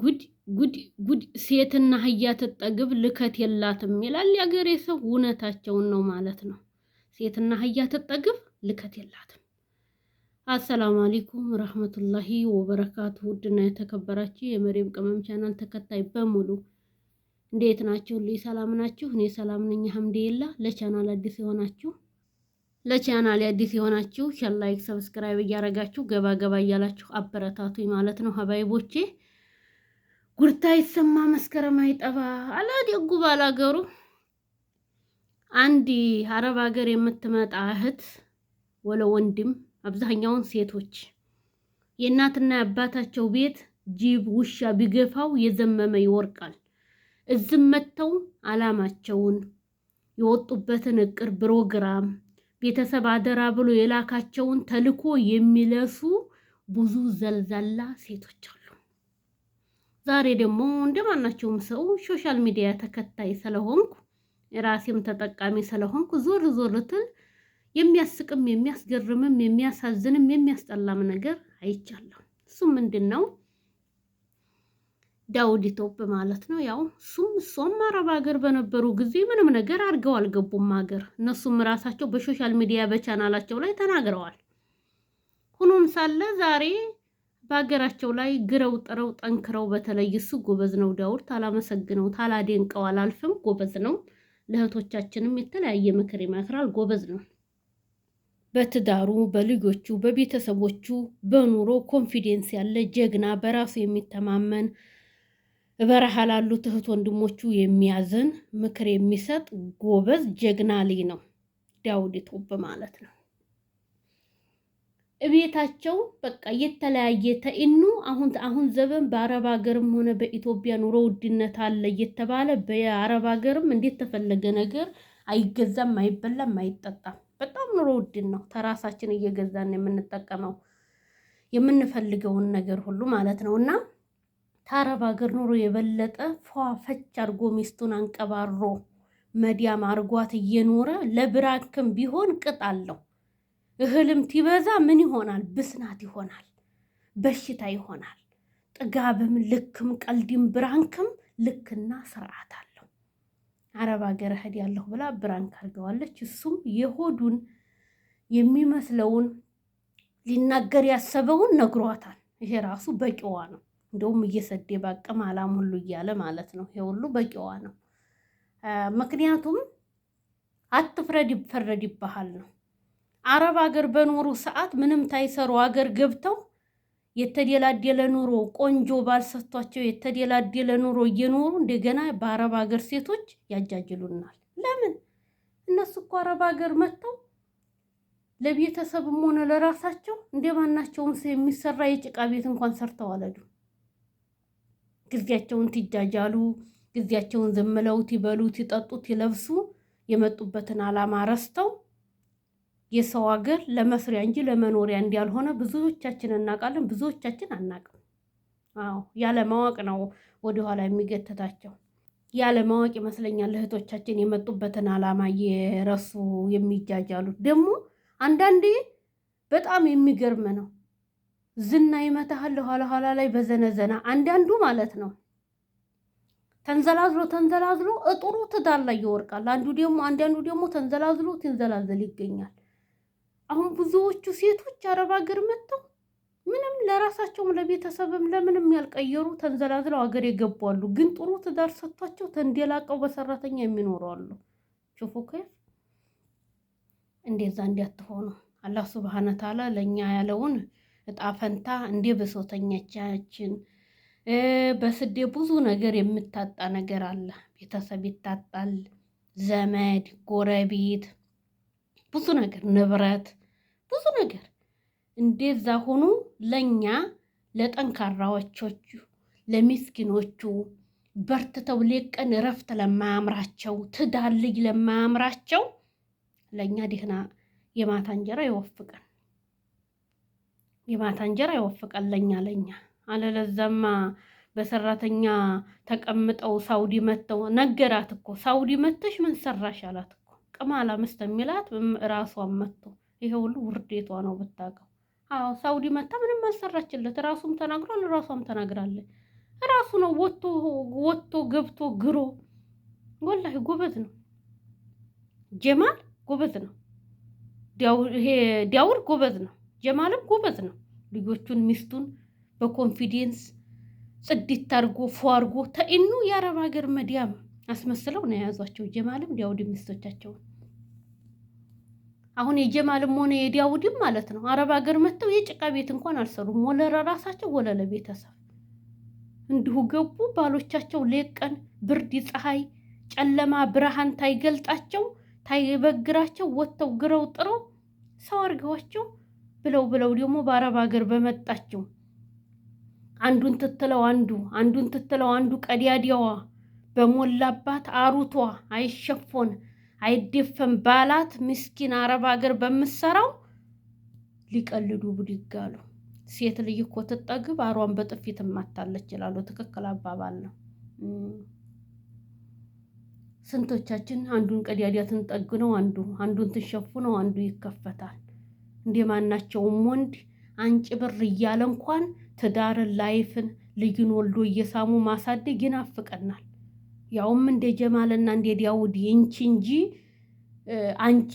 ጉድ ጉድ ጉድ! ሴትና አህያ ትጠግብ ልከት የላትም ይላል የአገሬ ሰው። እውነታቸውን ነው ማለት ነው። ሴትና አህያ ትጠግብ ልከት የላትም። አሰላሙ አለይኩም ረህመቱላሂ ወበረካቱ። ውድና የተከበራችሁ የመሪም ቅመም ቻናል ተከታይ በሙሉ እንዴት ናችሁ? ልይ ሰላም ናችሁ? እኔ ሰላም ነኝ አልሐምዱሊላህ። ለቻናል አዲስ የሆናችሁ ለቻናል አዲስ የሆናችሁ ሸላይክ ሰብስክራይብ እያረጋችሁ ገባ ገባ እያላችሁ አበረታቱኝ ማለት ነው ሀባይቦቼ ጉርታ ይሰማ መስከረም አይጠባ አላደጉ ባላገሩ። አንድ አረብ ሀገር የምትመጣ እህት ወለ ወንድም አብዛኛውን ሴቶች የእናትና የአባታቸው ቤት ጅብ ውሻ ቢገፋው የዘመመ ይወርቃል። እዝም መጥተው አላማቸውን የወጡበትን እቅር ፕሮግራም ቤተሰብ አደራ ብሎ የላካቸውን ተልኮ የሚለሱ ብዙ ዘልዛላ ሴቶች አሉ። ዛሬ ደግሞ እንደማናቸውም ሰው ሶሻል ሚዲያ ተከታይ ስለሆንኩ ራሴም ተጠቃሚ ስለሆንኩ ዞር ዞር የሚያስቅም የሚያስገርምም የሚያሳዝንም የሚያስጠላም ነገር አይቻለሁ። እሱም ምንድን ነው? ዳውድ ቶፕ ማለት ነው። ያው እሱም እሷም አረብ ሀገር በነበሩ ጊዜ ምንም ነገር አድርገው አልገቡም ሀገር። እነሱም ራሳቸው በሶሻል ሚዲያ በቻናላቸው ላይ ተናግረዋል። ሁኖም ሳለ ዛሬ በሀገራቸው ላይ ግረው ጥረው ጠንክረው፣ በተለይ እሱ ጎበዝ ነው። ዳውድ ታላመሰግነው ታላደንቀው አላልፍም። ጎበዝ ነው። ለእህቶቻችንም የተለያየ ምክር ይመክራል። ጎበዝ ነው። በትዳሩ በልጆቹ በቤተሰቦቹ በኑሮ ኮንፊደንስ ያለ ጀግና፣ በራሱ የሚተማመን በረሃ ላሉት እህት ወንድሞቹ የሚያዝን ምክር የሚሰጥ ጎበዝ ጀግና ልይ ነው ዳውድ ቶብ ማለት ነው። እቤታቸው በቃ የተለያየ ተኢኑ አሁን አሁን ዘበን በአረብ ሀገርም ሆነ በኢትዮጵያ ኑሮ ውድነት አለ እየተባለ በአረብ ሀገርም እንዴት ተፈለገ ነገር አይገዛም፣ አይበላም፣ አይጠጣም። በጣም ኑሮ ውድን ነው። ተራሳችን እየገዛን የምንጠቀመው የምንፈልገውን ነገር ሁሉ ማለት ነው። እና ከአረብ ሀገር ኑሮ የበለጠ ፏፈች አድርጎ ሚስቱን አንቀባሮ መዲያም አርጓት እየኖረ ለብራክም ቢሆን ቅጥ አለው። እህልም ቲበዛ ምን ይሆናል? ብስናት ይሆናል፣ በሽታ ይሆናል። ጥጋብም፣ ልክም፣ ቀልድም፣ ብራንክም ልክና ስርዓት አለው። አረብ ሀገር እህድ ያለሁ ብላ ብራንክ አድርገዋለች። እሱም የሆዱን የሚመስለውን ሊናገር ያሰበውን ነግሯታል። ይሄ ራሱ በቂዋ ነው። እንደውም እየሰዴ ባቅም አላም ሁሉ እያለ ማለት ነው። ይሄ ሁሉ በቂዋ ነው። ምክንያቱም አትፍረድ ይፈረድ ይባሃል ነው አረብ ሀገር በኖሩ ሰዓት ምንም ታይሰሩ ሀገር ገብተው የተደላደለ ኑሮ ቆንጆ ባልሰጥቷቸው የተደላደለ ኑሮ እየኖሩ እንደገና በአረብ ሀገር ሴቶች ያጃጅሉናል። ለምን? እነሱ እኮ አረብ ሀገር መጥተው ለቤተሰብም ሆነ ለራሳቸው እንደ ማናቸውም ሰው የሚሰራ የጭቃ ቤት እንኳን ሰርተው አለዱ። ጊዜያቸውን ትጃጃሉ፣ ጊዜያቸውን ዝምለውት ይበሉት፣ ይጠጡት፣ ይለብሱ የመጡበትን ዓላማ ረስተው የሰው ሀገር ለመስሪያ እንጂ ለመኖሪያ እንዳልሆነ ብዙዎቻችን እናውቃለን፣ ብዙዎቻችን አናውቅም። አዎ ያለ ማወቅ ነው ወደኋላ የሚገተታቸው። ያለ ማወቅ ይመስለኛል እህቶቻችን የመጡበትን ዓላማ እየረሱ የሚጃጃሉ። ደግሞ አንዳንዴ በጣም የሚገርም ነው። ዝና ይመታሃል ኋላ ኋላ ላይ በዘነዘና አንዳንዱ ማለት ነው ተንዘላዝሎ ተንዘላዝሎ እጥሩ ትዳር ላይ ይወርቃል። አንዱ ደግሞ አንዳንዱ ደግሞ ተንዘላዝሎ ትንዘላዘል ይገኛል። አሁን ብዙዎቹ ሴቶች አረብ ሀገር መጥተው ምንም ለራሳቸውም ለቤተሰብም ለምንም ያልቀየሩ ተንዘላዝለው ሀገር የገቧሉ። ግን ጥሩ ትዳር ሰጥቷቸው ተንደላቀው በሰራተኛ የሚኖረዋሉ። አሉ። ከየት እንደዛ እንዲያትሆኑ አላህ ሱብሃነ ተዓላ ለእኛ ያለውን እጣ ፈንታ እንደ በሰውተኛቻችን በስዴ ብዙ ነገር የምታጣ ነገር አለ። ቤተሰብ ይታጣል፣ ዘመድ፣ ጎረቤት፣ ብዙ ነገር ንብረት ብዙ ነገር እንደዛ ሆኖ ለእኛ ለጠንካራዎቹ ለሚስኪኖቹ በርትተው ሌቀን እረፍት ለማያምራቸው ትዳር ልጅ ለማያምራቸው ለእኛ ደህና የማታ እንጀራ ይወፍቀን፣ የማታ እንጀራ ይወፍቀን ለእኛ ለእኛ አለለዛማ በሰራተኛ ተቀምጠው ሳውዲ መተው ነገራት እኮ ሳውዲ መተሽ ምን ሰራሽ አላት እኮ ቅማላ ሚስት የሚላት ራሷን መጥቶ ይሄ ሁሉ ውርዴቷ ነው ብታውቀው። አዎ ሳውዲ መታ ምንም አልሰራችለት። ራሱም ተናግሯል፣ ራሷም ተናግራለች። ራሱ ነው ወጥቶ ወጥቶ ገብቶ ግሮ። ወላሂ ጎበዝ ነው ጀማል፣ ጎበዝ ነው ይሄ ዲያውር፣ ጎበዝ ነው ጀማልም ጎበዝ ነው። ልጆቹን ሚስቱን በኮንፊደንስ ጽድት አድርጎ ፎ አርጎ ተኢኑ የአረብ ሀገር መዲያም አስመስለው ነው የያዟቸው። ጀማልም ዲያውድ ሚስቶቻቸውን አሁን የጀማልም ሆነ የዲያውድም ማለት ነው አረብ ሀገር መጥተው የጭቃ ቤት እንኳን አልሰሩም። ወለረ ራሳቸው ወለለ ቤተሰብ እንዲሁ ገቡ። ባሎቻቸው ሌቀን፣ ብርድ፣ ፀሐይ፣ ጨለማ፣ ብርሃን ታይገልጣቸው ታይበግራቸው ወጥተው ግረው ጥረው ሰው አድርገዋቸው ብለው ብለው ደግሞ በአረብ ሀገር በመጣቸው አንዱን ትትለው አንዱ አንዱን ትትለው አንዱ ቀዳዲያዋ በሞላባት አሩቷ አይሸፎን አይደፈም ባላት ምስኪን አረብ ሀገር በምሰራው ሊቀልዱ ብድግ አሉ። ሴት ልጅ እኮ ትጠግብ አሯን በጥፊት ማታለች ይላሉ። ትክክል አባባል ነው። ስንቶቻችን አንዱን ቀዳዳ ትንጠግ ነው፣ አንዱ አንዱን ትንሸፉ ነው፣ አንዱ ይከፈታል። እንደ ማናቸውም ወንድ አንጭ ብር እያለ እንኳን ትዳርን ላይፍን ልዩን ወልዶ እየሳሙ ማሳደግ ይናፍቀናል። ያውም እንደ ጀማልና እንደ ዳውድ ይንቺ እንጂ አንጪ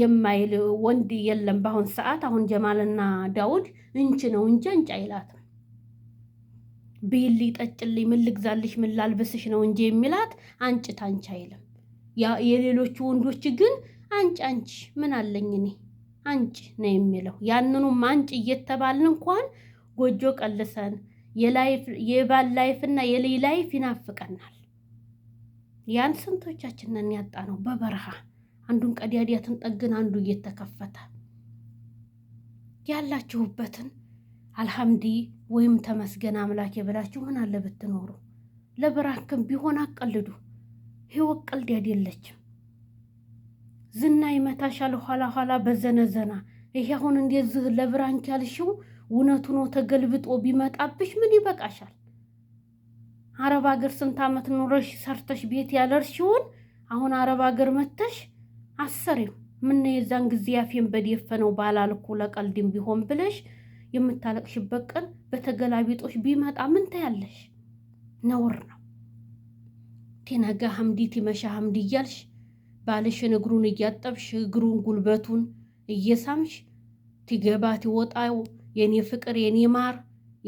የማይል ወንድ የለም በአሁን ሰዓት። አሁን ጀማልና ዳውድ እንቺ ነው እንጂ አንጭ አይላትም። ብይል ጠጭልኝ፣ ምን ልግዛልሽ፣ ምን ላልብስሽ ነው እንጂ የሚላት አንጭ ታንቺ አይልም። የሌሎቹ ወንዶች ግን አንጭ አንቺ ምን አለኝ እኔ አንጭ ነው የሚለው። ያንኑም አንጭ እየተባልን እንኳን ጎጆ ቀልሰን የባል ላይፍና የሌይ ላይፍ ይናፍቀናል። ያን ስንቶቻችንን ያጣ ነው በበረሃ አንዱን ቀዳዳትን ጠግን አንዱ እየተከፈተ ያላችሁበትን አልሐምዲ ወይም ተመስገን አምላኬ ብላችሁ ምን አለ ብትኖሩ። ለብራክም ቢሆን አቀልዱ። ህይወት ቀልድ አይደለችም። ዝና ይመታሻል ኋላ ኋላ በዘነዘና ይሄ አሁን እንደዚህ ለብራንክ ያልሽው እውነቱ ነው ተገልብጦ ቢመጣብሽ ምን ይበቃሻል? አረብ ሀገር ስንት ዓመት ኑረሽ ሰርተሽ ቤት ያለርሽውን አሁን አረብ ሀገር መተሽ አሰሪው ምን የዛን ጊዜ ያፌን በደፈነው ባላልኩ ለቀልድም ቢሆን ብለሽ የምታለቅሽበት ቀን በተገላቢጦሽ ቢመጣ ምን ታያለሽ? ነውር ነው። ቴነጋ ሐምዲ ቲመሻ ሐምዲ እያልሽ ባልሽን እግሩን እያጠብሽ እግሩን ጉልበቱን እየሳምሽ ቲገባ ቲወጣው የኔ ፍቅር የኔ ማር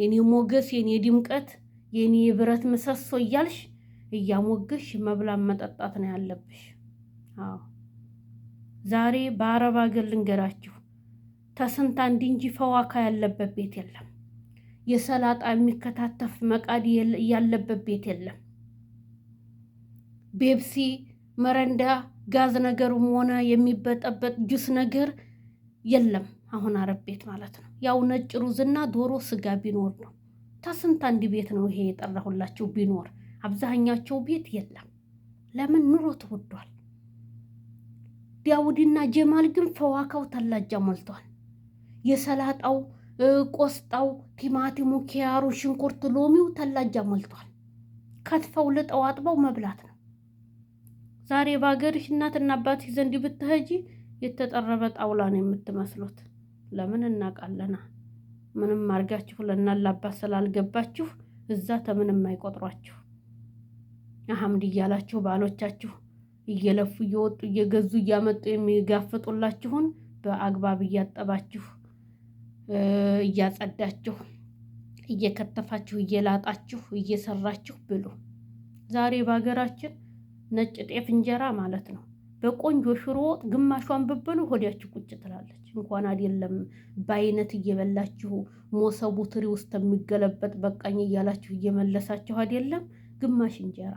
የኔ ሞገስ የኔ ድምቀት የኔ የብረት ምሰሶ እያልሽ እያሞገሽ መብላን መጠጣት ነው ያለብሽ። አዎ ዛሬ በአረብ ሀገር ልንገራችሁ፣ ተስንት አንድ እንጂ ፈዋካ ያለበት ቤት የለም። የሰላጣ የሚከታተፍ መቃድ ያለበት ቤት የለም። ቤብሲ መረንዳ፣ ጋዝ ነገሩም ሆነ የሚበጠበጥ ጁስ ነገር የለም። አሁን አረብ ቤት ማለት ነው ያው ነጭ ሩዝና ዶሮ ስጋ ቢኖር ነው። ተስንት አንድ ቤት ነው ይሄ የጠራሁላችሁ ቢኖር አብዛኛቸው ቤት የለም። ለምን ኑሮ ተወዷል። ዳውድና ጀማል ግን ፈዋካው ተላጃ ሞልቷል። የሰላጣው፣ ቆስጣው፣ ቲማቲሙ፣ ኪያሩ፣ ሽንኩርት፣ ሎሚው ተላጃ ሞልቷል። ከትፈው ልጠው አጥበው መብላት ነው። ዛሬ በሀገርሽ እናትና አባትሽ ዘንድ ብትሄጂ የተጠረበ ጣውላ ነው የምትመስሉት። ለምን እናቃለና? ምንም አድርጋችሁ ለእናላባት ስላልገባችሁ እዛ ተምንም አይቆጥሯችሁ አሐምድ እያላችሁ ባሎቻችሁ እየለፉ እየወጡ እየገዙ እያመጡ የሚጋፍጡላችሁን በአግባብ እያጠባችሁ እያጸዳችሁ እየከተፋችሁ እየላጣችሁ እየሰራችሁ ብሉ። ዛሬ በሀገራችን ነጭ ጤፍ እንጀራ ማለት ነው በቆንጆ ሽሮ ወጥ ግማሿን ብበሉ ሆዳችሁ ቁጭ ትላለች። እንኳን አይደለም በአይነት እየበላችሁ ሞሰቡ ትሪ ውስጥ የሚገለበጥ በቃኝ እያላችሁ እየመለሳችሁ አይደለም ግማሽ እንጀራ።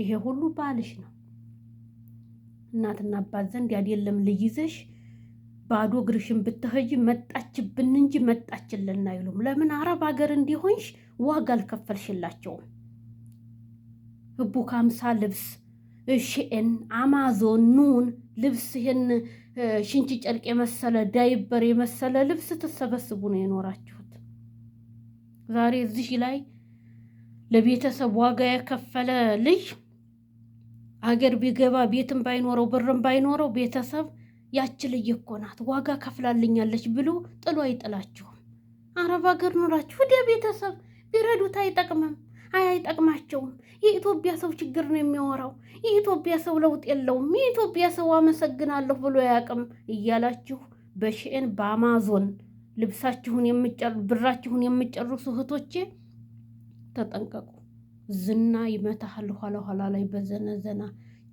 ይሄ ሁሉ ባልሽ ነው። እናትና አባት ዘንድ አይደለም ልይዘሽ ባዶ እግርሽን ብትሄጂ መጣችብን እንጂ መጣችልን አይሉም። ለምን አረብ ሀገር እንዲሆንሽ ዋጋ አልከፈልሽላቸውም። እቡ ካምሳ ልብስ ሽእን አማዞን ኑን ልብስ ይህን ሽንቺ ጨርቅ የመሰለ ዳይበር የመሰለ ልብስ ትሰበስቡ ነው የኖራችሁት። ዛሬ እዚህ ላይ ለቤተሰብ ዋጋ የከፈለ ልጅ አገር ቢገባ ቤትም ባይኖረው ብርም ባይኖረው ቤተሰብ ያች ልጅ እኮ ናት ዋጋ ከፍላልኛለች ብሎ ጥሎ አይጥላችሁም። አረብ ሀገር ኑራችሁ ወደ ቤተሰብ ቢረዱት አይጠቅምም። አይጠቅማቸውም። የኢትዮጵያ ሰው ችግር ነው የሚያወራው። የኢትዮጵያ ሰው ለውጥ የለውም። የኢትዮጵያ ሰው አመሰግናለሁ ብሎ ያቅም እያላችሁ በሽኤን በአማዞን ልብሳችሁን የምጨር ብራችሁን የምጨርሱ እህቶቼ ተጠንቀቁ። ዝና ይመታሃል ኋላ ኋላ ላይ በዘነዘና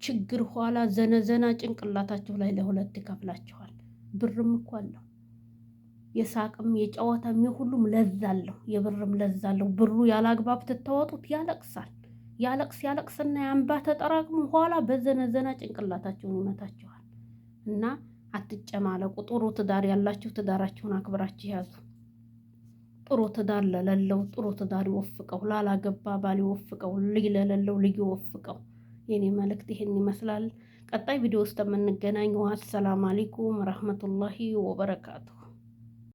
ችግር ኋላ ዘነዘና ጭንቅላታችሁ ላይ ለሁለት ይከፍላችኋል። ብርም እኮ አለው። የሳቅም የጨዋታም የሁሉም ለዛ አለው፣ የብርም ለዛ አለው። ብሩ ያለ አግባብ ትተዋጡት ያለቅሳል። ያለቅስ ያለቅስና የአንባ ተጠራቅሞ ኋላ በዘነዘና ጭንቅላታቸውን ይመታቸዋል። እና አትጨማለቁ። ጥሩ ትዳር ያላችሁ ትዳራችሁን አክብራችሁ ያዙ። ጥሩ ትዳር ለሌለው ጥሩ ትዳር ይወፍቀው፣ ላላገባ ባል ይወፍቀው፣ ልጅ ለሌለው ልጅ ይወፍቀው። የኔ መልእክት ይሄን ይመስላል። ቀጣይ ቪዲዮ ውስጥ የምንገናኘው። አሰላም አለይኩም ረህመቱላሂ ወበረካቱ